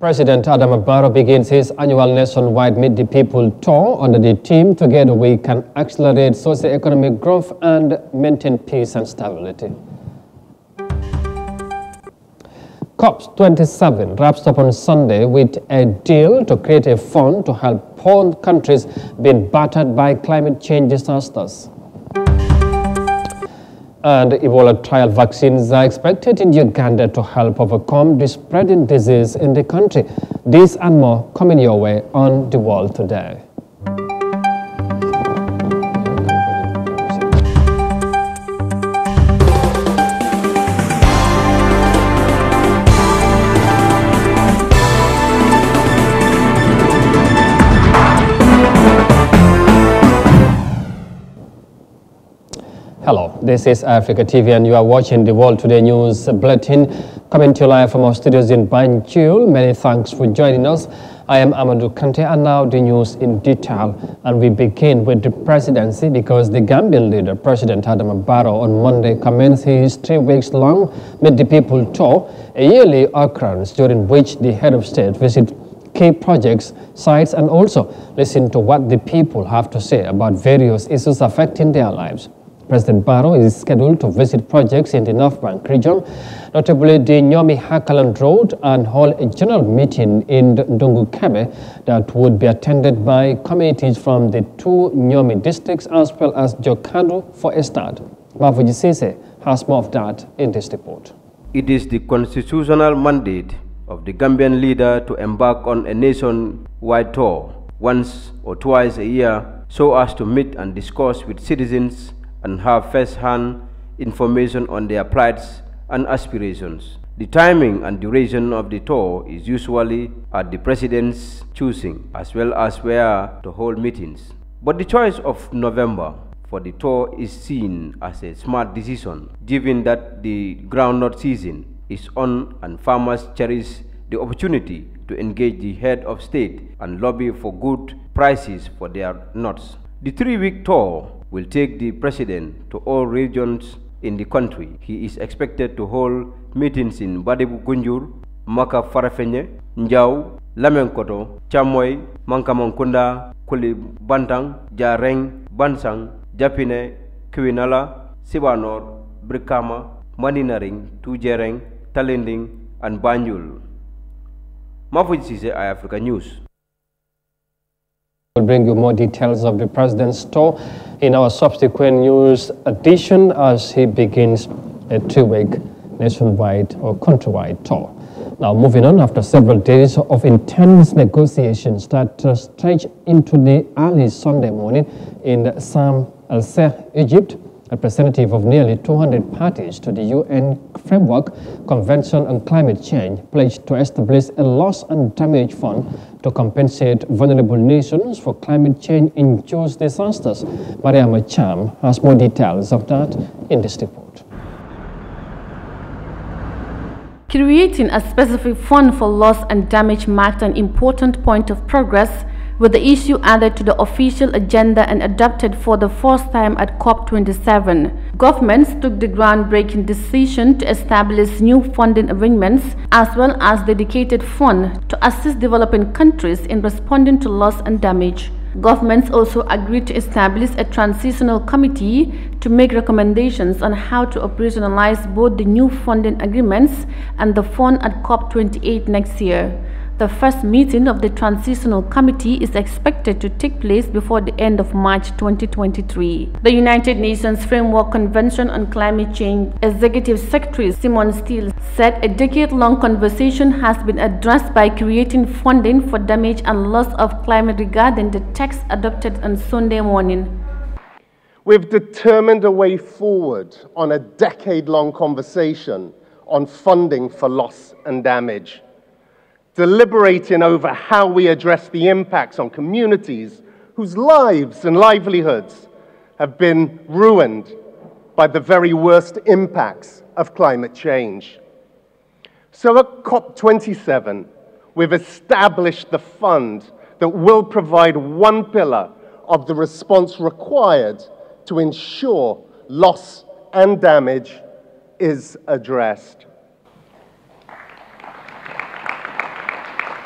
President Adam Abaro begins his annual nationwide Meet the People tour under the theme Together We Can Accelerate Socioeconomic Growth and Maintain Peace and Stability. COP27 wraps up on Sunday with a deal to create a fund to help poor countries being battered by climate change disasters and Ebola trial vaccines are expected in Uganda to help overcome the spreading disease in the country. These and more coming your way on The World Today. Hello, this is Africa TV and you are watching the World Today News Bulletin coming to you live from our studios in Banjul. Many thanks for joining us. I am Amadou Kante and now the news in detail. And we begin with the presidency because the Gambian leader, President Adam Barrow, on Monday commenced his three weeks long Meet the People tour, a yearly occurrence during which the head of state visits key projects, sites and also listen to what the people have to say about various issues affecting their lives. President Barrow is scheduled to visit projects in the North Bank region, notably the Nyomi Hakaland Road, and hold a general meeting in Ndungukebe that would be attended by communities from the two Nyomi districts as well as Jokando for a start. Mavuji Sese has more of that in this report. It is the constitutional mandate of the Gambian leader to embark on a nation-wide tour once or twice a year so as to meet and discuss with citizens and have first-hand information on their plights and aspirations. The timing and duration of the tour is usually at the president's choosing, as well as where to hold meetings. But the choice of November for the tour is seen as a smart decision, given that the groundnut season is on and farmers cherish the opportunity to engage the head of state and lobby for good prices for their nuts. The three-week tour will take the president to all regions in the country. He is expected to hold meetings in Badibu Gunjur, Maka Farafenye, Njau, Lamenkoto, Chamoy, Mankamankunda, Kuli Bantang, Jareng, Bansang, Japine, Kiwinala, Sibanor, Brikama, Maninaring, Tujereng, Talending, and Banjul. Mafuji Sise, African News. We'll bring you more details of the president's tour in our subsequent news edition as he begins a two-week nationwide or countrywide tour. Now, moving on, after several days of intense negotiations that uh, stretched into the early Sunday morning in Sam al Ser, Egypt, representative of nearly 200 parties to the UN Framework Convention on Climate Change pledged to establish a loss and damage fund to compensate vulnerable nations for climate change-induced disasters. Mariama Cham has more details of that in this report. Creating a specific fund for loss and damage marked an important point of progress with the issue added to the official agenda and adopted for the first time at COP27. Governments took the groundbreaking decision to establish new funding arrangements as well as dedicated funds to assist developing countries in responding to loss and damage. Governments also agreed to establish a transitional committee to make recommendations on how to operationalize both the new funding agreements and the fund at COP28 next year. The first meeting of the Transitional Committee is expected to take place before the end of March 2023. The United Nations Framework Convention on Climate Change Executive Secretary Simon Steele said a decade-long conversation has been addressed by creating funding for damage and loss of climate regarding the text adopted on Sunday morning. We've determined a way forward on a decade-long conversation on funding for loss and damage deliberating over how we address the impacts on communities whose lives and livelihoods have been ruined by the very worst impacts of climate change. So at COP27, we've established the fund that will provide one pillar of the response required to ensure loss and damage is addressed.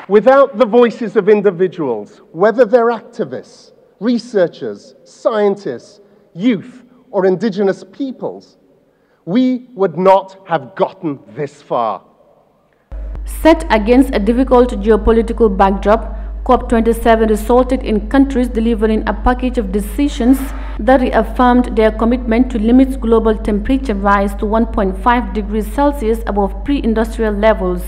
Without the voices of individuals, whether they're activists, researchers, scientists, youth, or indigenous peoples, we would not have gotten this far. Set against a difficult geopolitical backdrop, COP27 resulted in countries delivering a package of decisions that reaffirmed their commitment to limit global temperature rise to 1.5 degrees Celsius above pre-industrial levels.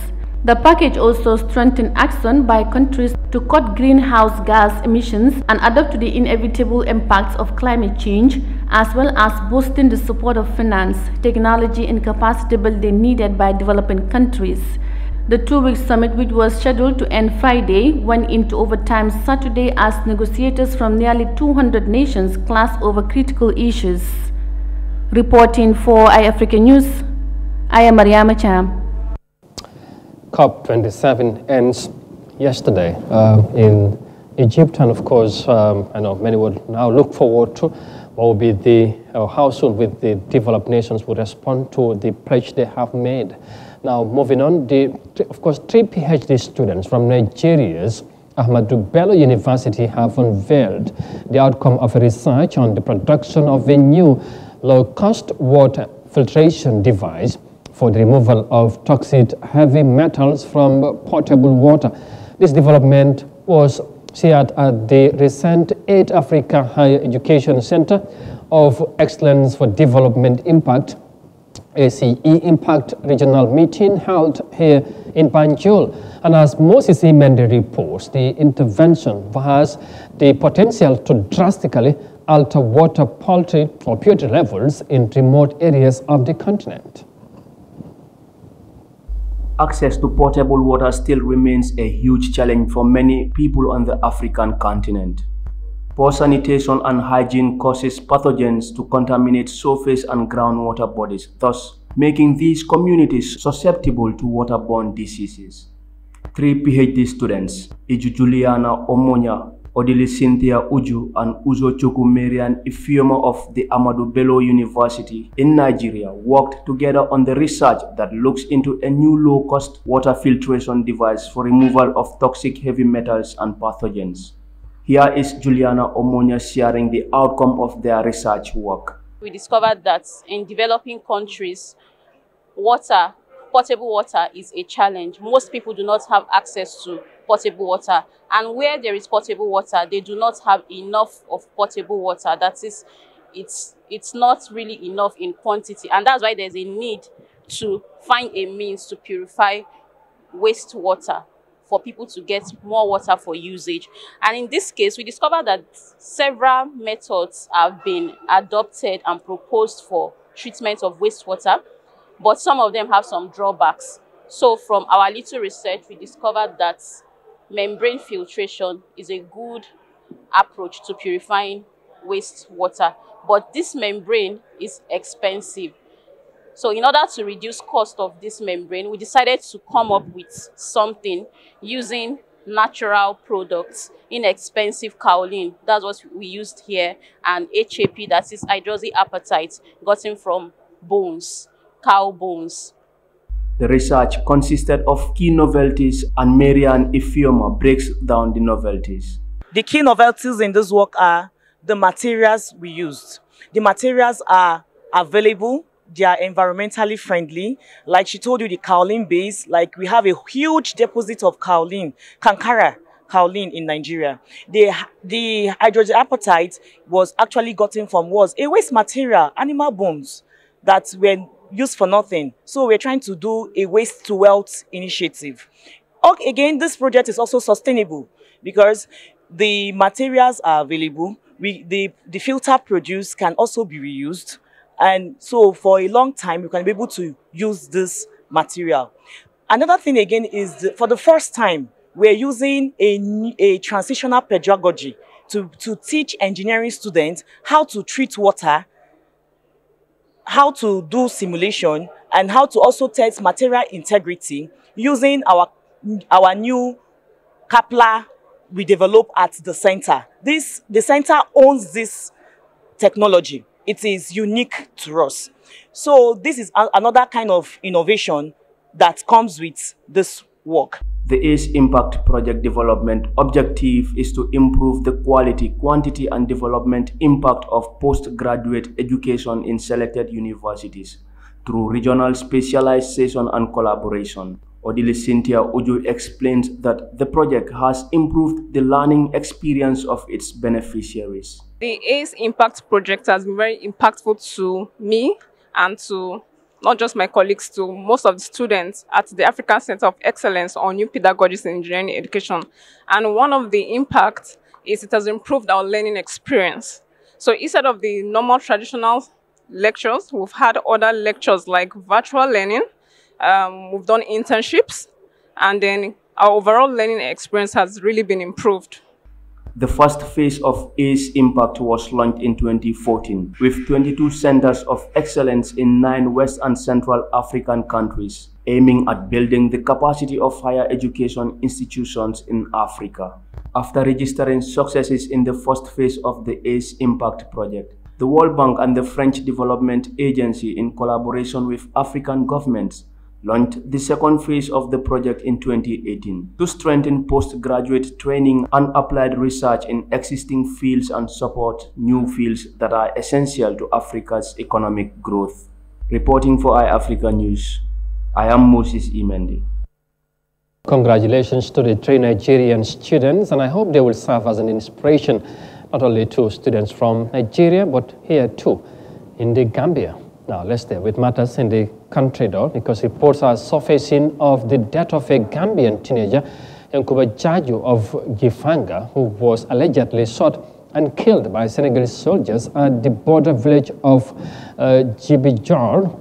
The package also strengthened action by countries to cut greenhouse gas emissions and adapt to the inevitable impacts of climate change, as well as boosting the support of finance, technology, and capacity building needed by developing countries. The two-week summit, which was scheduled to end Friday, went into overtime Saturday as negotiators from nearly 200 nations clashed over critical issues. Reporting for iAfrica News, I am Mariama Cham. COP27 ends yesterday uh, in Egypt, and of course, um, I know many would now look forward to what will be the uh, how soon with the developed nations will respond to the pledge they have made. Now, moving on, the, of course, three PhD students from Nigeria's Ahmadu Bello University have unveiled the outcome of a research on the production of a new low-cost water filtration device for the removal of toxic heavy metals from potable water. This development was shared at the recent 8 Africa Higher Education Center of Excellence for Development Impact, ACE Impact Regional Meeting held here in Banjul. And as Moses Imende reports, the intervention has the potential to drastically alter water, poultry, or purity levels in remote areas of the continent access to potable water still remains a huge challenge for many people on the African continent. Poor sanitation and hygiene causes pathogens to contaminate surface and groundwater bodies, thus making these communities susceptible to waterborne diseases. Three PhD students, Ijujuliana Omonya Odili Cynthia Uju and Uzo Chukwumeri, Ifioma of the Amadu Bello University in Nigeria, worked together on the research that looks into a new low-cost water filtration device for removal of toxic heavy metals and pathogens. Here is Juliana Omonia sharing the outcome of their research work. We discovered that in developing countries, water, potable water is a challenge. Most people do not have access to potable water. And where there is potable water, they do not have enough of potable water. That is, it's, it's not really enough in quantity. And that's why there's a need to find a means to purify wastewater for people to get more water for usage. And in this case, we discovered that several methods have been adopted and proposed for treatment of wastewater, but some of them have some drawbacks. So from our little research, we discovered that membrane filtration is a good approach to purifying wastewater. But this membrane is expensive. So in order to reduce cost of this membrane, we decided to come up with something using natural products, inexpensive kaolin, that's what we used here, and HAP, that is hydroxyapatite, gotten from bones, cow bones. The research consisted of key novelties and Marian Ifioma breaks down the novelties. The key novelties in this work are the materials we used. The materials are available, they are environmentally friendly. Like she told you, the kaolin base, like we have a huge deposit of kaolin, kankara, kaolin in Nigeria. The, the hydrogen apatite was actually gotten from was a waste material, animal bones, that were used for nothing. So we're trying to do a waste to wealth initiative. Again, this project is also sustainable because the materials are available. We, the, the filter produced can also be reused. And so for a long time, you can be able to use this material. Another thing again is the, for the first time, we're using a, a transitional pedagogy to, to teach engineering students how to treat water how to do simulation and how to also test material integrity using our, our new Kepler we develop at the center. This, the center owns this technology. It is unique to us. So this is another kind of innovation that comes with this work. The ACE Impact Project Development objective is to improve the quality, quantity, and development impact of postgraduate education in selected universities through regional specialization and collaboration. Odile Cynthia Ojo explains that the project has improved the learning experience of its beneficiaries. The ACE Impact Project has been very impactful to me and to not just my colleagues, to most of the students at the African Center of Excellence on New Pedagogies in Engineering Education. And one of the impacts is it has improved our learning experience. So instead of the normal traditional lectures, we've had other lectures like virtual learning, um, we've done internships, and then our overall learning experience has really been improved. The first phase of ACE Impact was launched in 2014 with 22 centers of excellence in nine West and Central African countries aiming at building the capacity of higher education institutions in Africa. After registering successes in the first phase of the ACE Impact project, the World Bank and the French Development Agency in collaboration with African governments launched the second phase of the project in 2018 to strengthen postgraduate training and applied research in existing fields and support new fields that are essential to Africa's economic growth. Reporting for iAfrica News, I am Moses Imendi. Congratulations to the three Nigerian students, and I hope they will serve as an inspiration not only to students from Nigeria, but here too in the Gambia. Now let's stay with matters in the country though, because reports are surfacing of the death of a Gambian teenager, Nkuba Jaju of Gifanga, who was allegedly shot and killed by Senegalese soldiers at the border village of uh,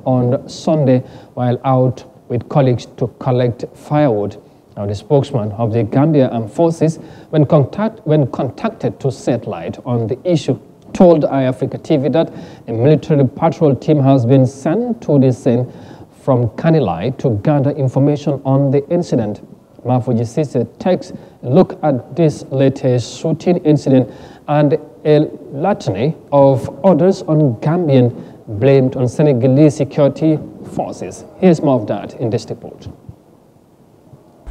on Sunday while out with colleagues to collect firewood. Now, the spokesman of the Gambia Armed Forces, when, contact, when contacted to set light on the issue, told iAfrica TV that a military patrol team has been sent to the scene from Kanilai to gather information on the incident. Mafuji Sise takes a look at this latest shooting incident and a litany of orders on Gambian blamed on Senegalese security forces. Here's more of that in this report.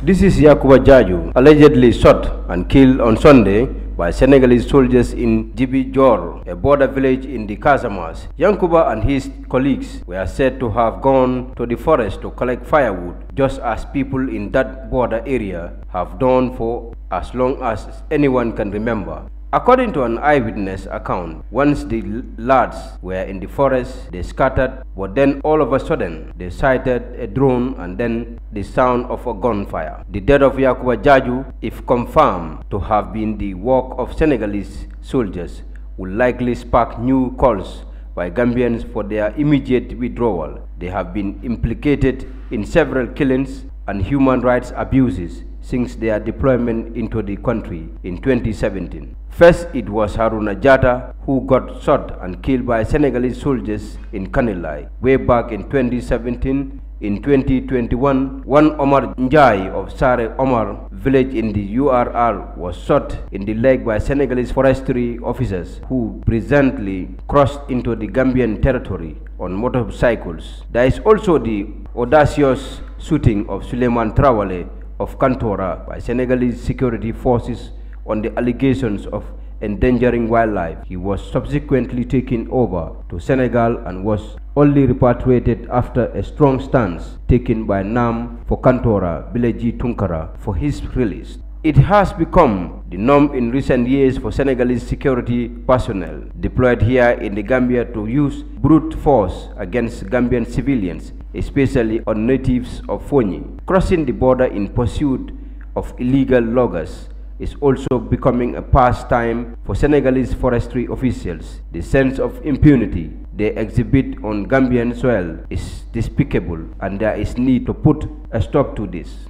This is Yakuba Jaju, allegedly shot and killed on Sunday by Senegalese soldiers in Djibi Jor, a border village in the Casamas. Yankuba and his colleagues were said to have gone to the forest to collect firewood, just as people in that border area have done for as long as anyone can remember. According to an eyewitness account, once the lads were in the forest, they scattered, but then all of a sudden, they sighted a drone and then the sound of a gunfire. The death of Yakuba Jaju, if confirmed to have been the work of Senegalese soldiers, will likely spark new calls by Gambians for their immediate withdrawal. They have been implicated in several killings and human rights abuses since their deployment into the country in 2017. First, it was Haruna Jata who got shot and killed by Senegalese soldiers in Kanilai way back in 2017. In 2021, one Omar Njai of Sare Omar village in the URR was shot in the leg by Senegalese forestry officers who presently crossed into the Gambian territory on motorcycles. There is also the audacious shooting of Suleiman Trawale of Kantora by Senegalese security forces on the allegations of endangering wildlife. He was subsequently taken over to Senegal and was only repatriated after a strong stance taken by NAM for Kantora Bileji Tunkara for his release. It has become the norm in recent years for Senegalese security personnel deployed here in the Gambia to use brute force against Gambian civilians especially on natives of Fonyi. Crossing the border in pursuit of illegal loggers is also becoming a pastime for Senegalese forestry officials. The sense of impunity they exhibit on Gambian soil is despicable and there is need to put a stop to this.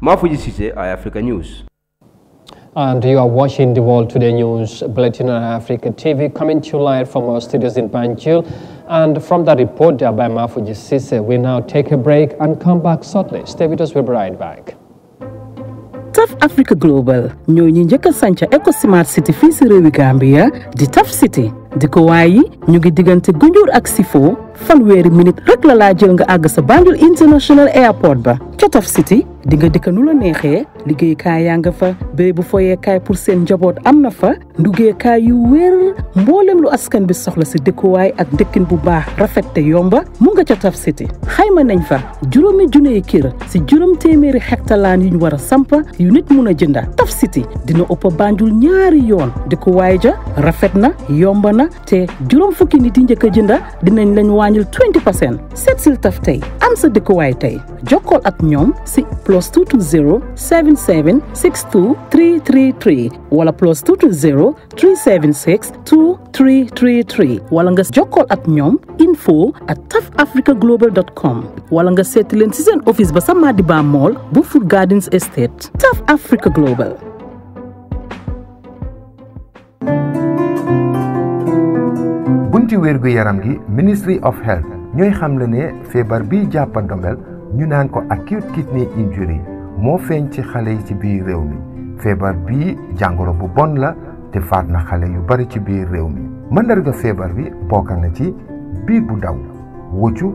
Mafuji Sise, iAfrica News and you are watching the World Today News Bulletin on Africa TV coming to life from our studios in Banjul. And from that report there by Mafuji Sise, we now take a break and come back shortly. Stay with us, we'll be right back. Taf Africa Global ñoo in njëkk a Eco Smart City fii si réewi Gambia di Taf City The yi ñu ngi diggante Gunjur ak Sifo fanweeri minute rek la la jël nga ag sa Banjul International Airport ba ca City di nga dëkk nu la neexee kay ya nga fa bëy bu kay pour sen njabot amna fa fa kay yu wër mbolém lu askan bi soxla si way ak dëkkin bu baax rafet té yomba mu nga City xayma nañ fa juroomi juné kër si juróom téeméeri hectalaan yu ñu war samp yu nit mun jënda Taf City dina upp Banjul ñaari yoon way ja rafet na yomba na te juroom fukki nit yi ñëk jënda dinañ lañ wàññil 20 percent. Set seet sil taf tey am sa dëkkuwaay tey jokkool ak ñoom si plus 220 77 62 333 wala plus 220 376 2333 wala nga jokkool ak ñoom info at tafafricaglobal.com wala nga seeti leen si seen office ba sa Madiba Mall bu Food Gardens Estate Taf Africa Global jumti wérgu yaram gi ministry of health ñoy xamle ne feebar bi jàppandobel ñu naan ko acute kidney injury mo feñ ci xalé yi ci biir réew mi feebar bi jangoro bu bon la te faat na xalé yu bari ci biir réew mi mandarga feebar bi bokk na ci bi bu daw wuccu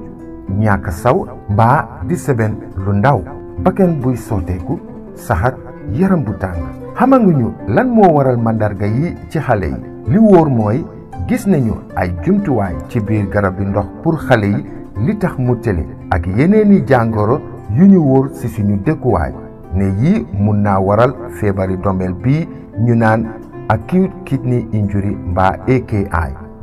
ñàkk saw ba di seben lu ndaw bakken buy sooteeku saxat yaram bu tàng xamanguñu lan moo waral mandarga yi ci xale yi li wóor mooy gis nañu ay jumtuwaay ci biir garab yi ndox pour xale yi li tax mu tële ak yeneeni jàngoro yu ñu wóor ci suñu dëkkuwaay ne yii mun naa waral feebari dombeel bi ñu naan acute kidney injury mbaa AKI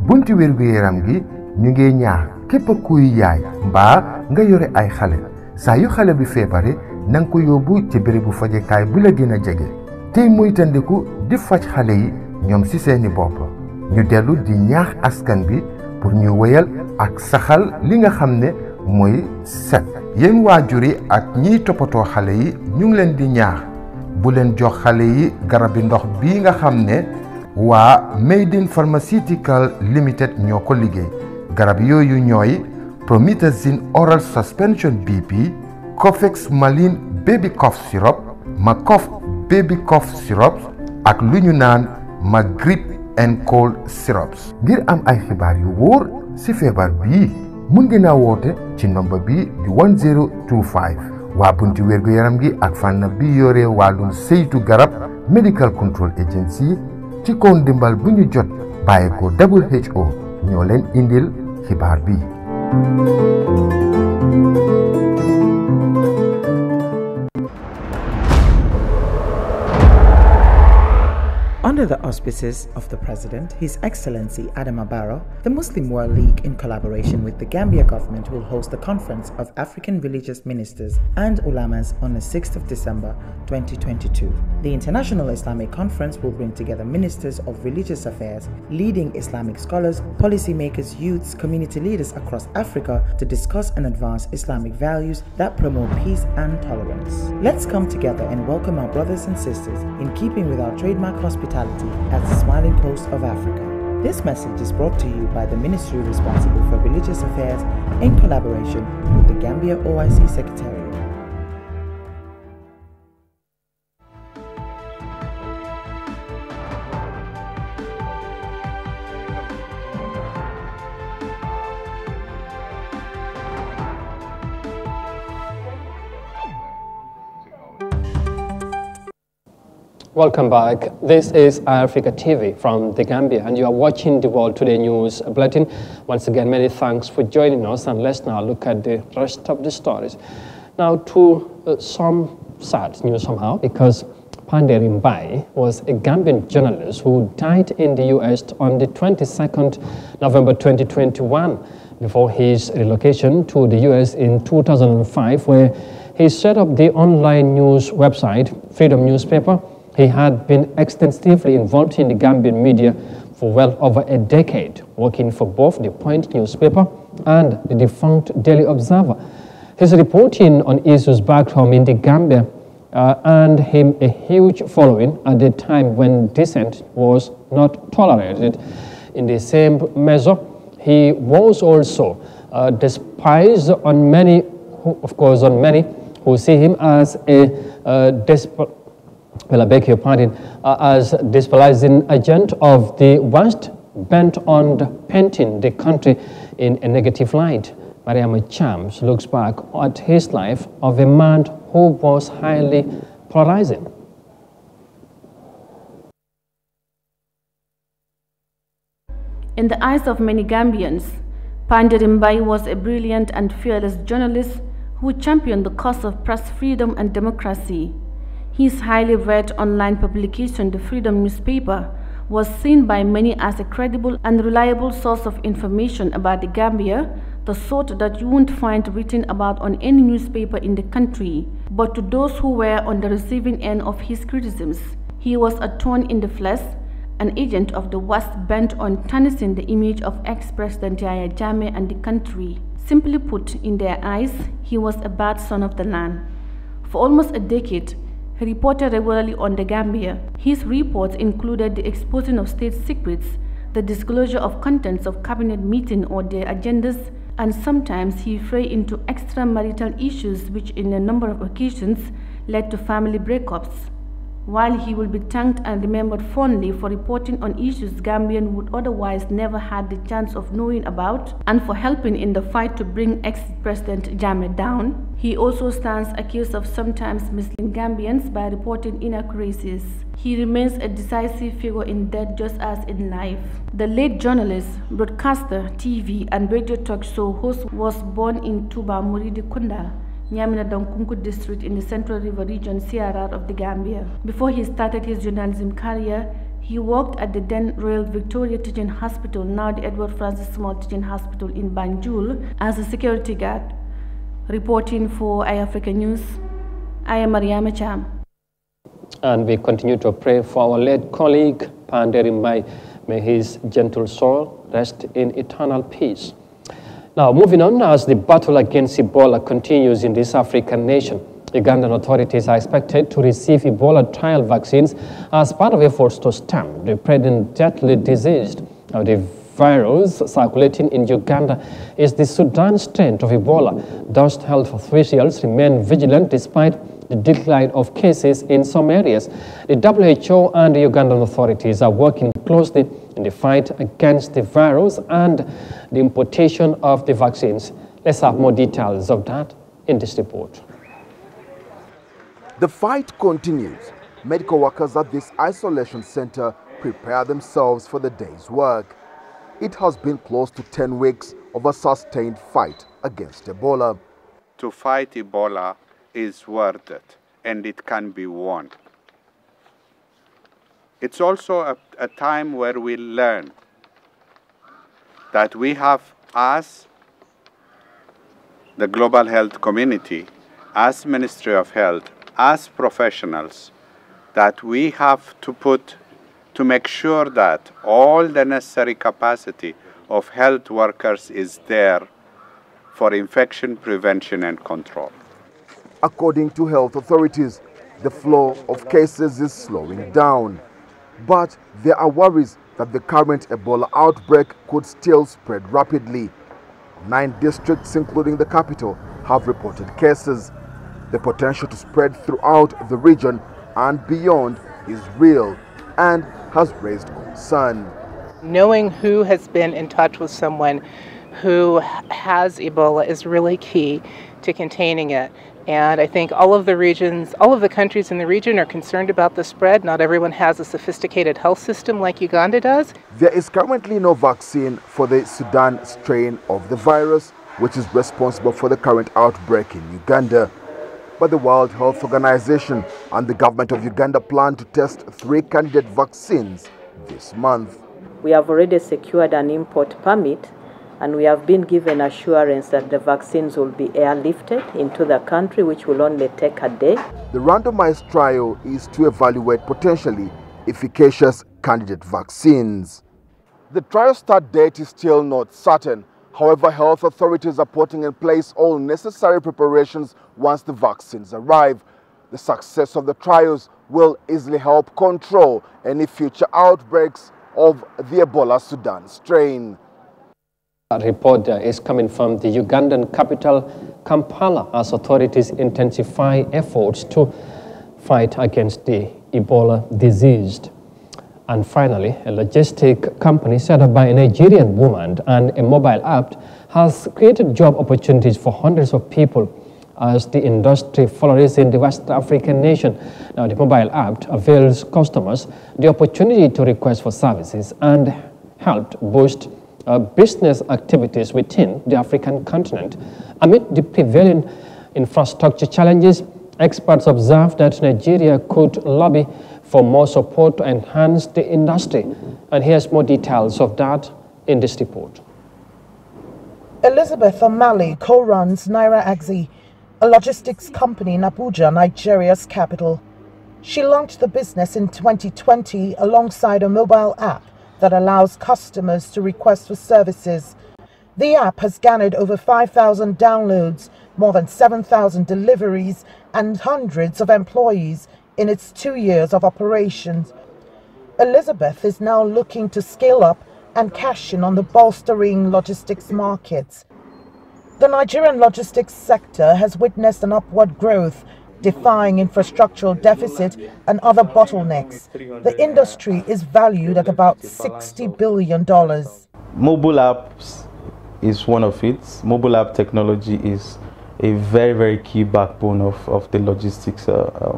bunti wér-gu-yaram gi ñu ngi ñaar képp a kuy yaay mbaa nga yore ay xale saa yu xale bi feebare na nga ko yóbbu ci bérébu fajekaay bu la gën a jege tey moytandiku di faj xale yi ñoom ci seeni bopp ñu dellu di ñaax askan bi pour ñu wëyal ak saxal li nga xam ne set yéen wajuri yi ak ñiy toppatoo xale yi ñu ngi leen di ñaax bu leen jox xale yi garabi ndox bii nga xam ne Made in Pharmaceutical Limited ñoo ko liggéey garab yooyu ñooy promethazine oral suspension BP cofex malin baby cough syrup ma cough baby cough syrup ak lu ñu naan ma grippe and cold ngir am ay xibaar yu wóor ci feebar bii mën ngeen a woote ci nomba bii di 1025 waa bunti wérgu yaram gi ak fànn bi yore wàllum saytu garab medical control agency ci kaw ndimbal bu ñu jot bàyyi ko WHO ñoo leen indil xibaar bi Under the auspices of the President, His Excellency Adam Abaro, the Muslim World League, in collaboration with the Gambia government, will host the Conference of African Religious Ministers and Ulamas on the 6th of December 2022. The International Islamic Conference will bring together ministers of religious affairs, leading Islamic scholars, policymakers, youths, community leaders across Africa to discuss and advance Islamic values that promote peace and tolerance. Let's come together and welcome our brothers and sisters in keeping with our trademark hospitality hospitality as the smiling coast of Africa. This message is brought to you by the ministry responsible for religious affairs in collaboration with the Gambia OIC Secretariat. Welcome back. This is Africa TV from The Gambia, and you are watching the World Today News Bulletin. Once again, many thanks for joining us, and let's now look at the rest of the stories. Now, to uh, some sad news somehow, because Pandering Bai was a Gambian journalist who died in the U.S. on the 22nd November 2021 before his relocation to the U.S. in 2005, where he set up the online news website, Freedom Newspaper, he had been extensively involved in the Gambian media for well over a decade, working for both the Point newspaper and the defunct Daily Observer. His reporting on issues back home in the Gambia uh, earned him a huge following at the time when dissent was not tolerated. In the same measure, he was also uh, despised on many, of course, on many who see him as a uh, well, I beg your pardon, uh, as destabilizing agent of the West bent on painting the country in a negative light. Mariam Chams looks back at his life of a man who was highly polarizing. In the eyes of many Gambians, Pandarimbai was a brilliant and fearless journalist who championed the cause of press freedom and democracy. His highly read online publication, The Freedom newspaper, was seen by many as a credible and reliable source of information about the Gambia, the sort that you won't find written about on any newspaper in the country. But to those who were on the receiving end of his criticisms, he was a thorn in the flesh, an agent of the West bent on tarnishing the image of ex-president Yaya Jammeh and the country. Simply put, in their eyes, he was a bad son of the land. For almost a decade, reported regularly on the Gambia. His reports included the exposing of state secrets, the disclosure of contents of cabinet meeting or their agendas, and sometimes he frayed into extramarital issues which in a number of occasions led to family breakups while he will be thanked and remembered fondly for reporting on issues Gambian would otherwise never had the chance of knowing about and for helping in the fight to bring ex-president Jammeh down. He also stands accused of sometimes misleading Gambians by reporting inaccuracies. He remains a decisive figure in death just as in life. The late journalist, broadcaster, TV and radio talk show host was born in Tuba, Muridi Kunda, Nyamina Donkunku district in the Central River Region CRR of the Gambia. Before he started his journalism career, he worked at the then Royal Victoria Teaching Hospital, now the Edward Francis Small Teaching Hospital in Banjul, as a security guard, reporting for iAfrica News. I am Mariama Cham. And we continue to pray for our late colleague, Panderi May his gentle soul rest in eternal peace. Now, moving on, as the battle against Ebola continues in this African nation, Ugandan authorities are expected to receive Ebola trial vaccines as part of efforts to stem the present deadly disease. Now, the virus circulating in Uganda is the Sudan strain of Ebola. Thus, health officials remain vigilant despite the decline of cases in some areas. The WHO and the Ugandan authorities are working closely in the fight against the virus and the importation of the vaccines. Let's have more details of that in this report. The fight continues. Medical workers at this isolation center prepare themselves for the day's work. It has been close to 10 weeks of a sustained fight against Ebola. To fight Ebola, is worth it and it can be won. It's also a, a time where we learn that we have as the global health community, as Ministry of Health, as professionals, that we have to put to make sure that all the necessary capacity of health workers is there for infection prevention and control. According to health authorities, the flow of cases is slowing down. But there are worries that the current Ebola outbreak could still spread rapidly. Nine districts, including the capital, have reported cases. The potential to spread throughout the region and beyond is real and has raised concern. Knowing who has been in touch with someone who has Ebola is really key to containing it. And I think all of the regions, all of the countries in the region are concerned about the spread. Not everyone has a sophisticated health system like Uganda does. There is currently no vaccine for the Sudan strain of the virus, which is responsible for the current outbreak in Uganda. But the World Health Organization and the government of Uganda plan to test three candidate vaccines this month. We have already secured an import permit and we have been given assurance that the vaccines will be airlifted into the country, which will only take a day. The randomized trial is to evaluate potentially efficacious candidate vaccines. The trial start date is still not certain. However, health authorities are putting in place all necessary preparations once the vaccines arrive. The success of the trials will easily help control any future outbreaks of the Ebola Sudan strain. A report uh, is coming from the Ugandan capital, Kampala, as authorities intensify efforts to fight against the Ebola disease. And finally, a logistic company set up by a Nigerian woman and a mobile app has created job opportunities for hundreds of people as the industry flourishes in the West African nation. Now, the mobile app avails customers the opportunity to request for services and helped boost uh, business activities within the African continent. Amid the prevailing infrastructure challenges, experts observe that Nigeria could lobby for more support to enhance the industry. And here's more details of that in this report. Elizabeth O'Malley co-runs Naira Agzi, a logistics company in Abuja, Nigeria's capital. She launched the business in 2020 alongside a mobile app that allows customers to request for services. The app has garnered over 5,000 downloads, more than 7,000 deliveries, and hundreds of employees in its two years of operations. Elizabeth is now looking to scale up and cash in on the bolstering logistics markets. The Nigerian logistics sector has witnessed an upward growth defying infrastructural deficit and other bottlenecks. The industry is valued at about $60 billion. Mobile apps is one of it. Mobile app technology is a very, very key backbone of, of the logistics uh,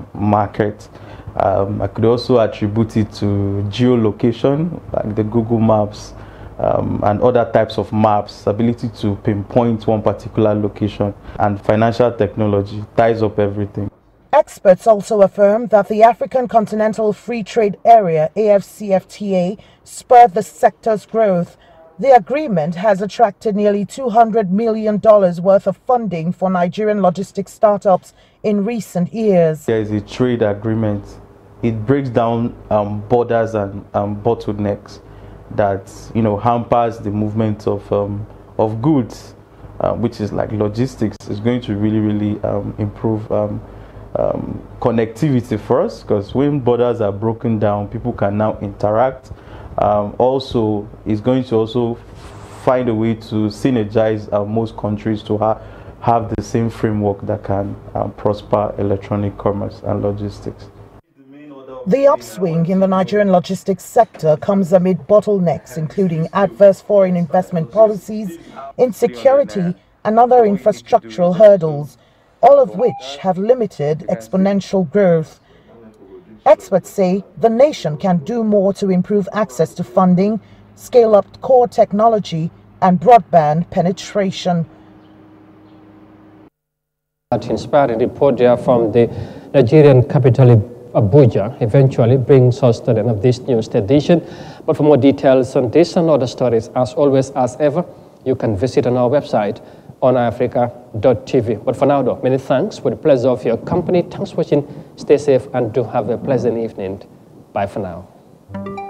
uh, market. Um, I could also attribute it to geolocation, like the Google Maps um, and other types of maps, ability to pinpoint one particular location, and financial technology ties up everything. Experts also affirm that the African Continental Free Trade Area AFCFTA spurred the sector's growth. The agreement has attracted nearly $200 million worth of funding for Nigerian logistics startups in recent years. There is a trade agreement. It breaks down um, borders and um, bottlenecks that you know hampers the movement of um, of goods, uh, which is like logistics. is going to really, really um, improve um, um, connectivity first because when borders are broken down, people can now interact. Um, also, it's going to also find a way to synergize uh, most countries to ha have the same framework that can um, prosper electronic commerce and logistics. The upswing in the Nigerian logistics sector comes amid bottlenecks, including adverse foreign investment policies, insecurity, and other infrastructural hurdles all of which have limited exponential growth. Experts say the nation can do more to improve access to funding, scale up core technology, and broadband penetration. That inspiring report there from the Nigerian capital Abuja eventually brings us to the end of this news edition. But for more details on this and other stories, as always, as ever, you can visit on our website on africa.tv. But for now, though, many thanks for the pleasure of your company. Thanks for watching. Stay safe and do have a pleasant evening. Bye for now.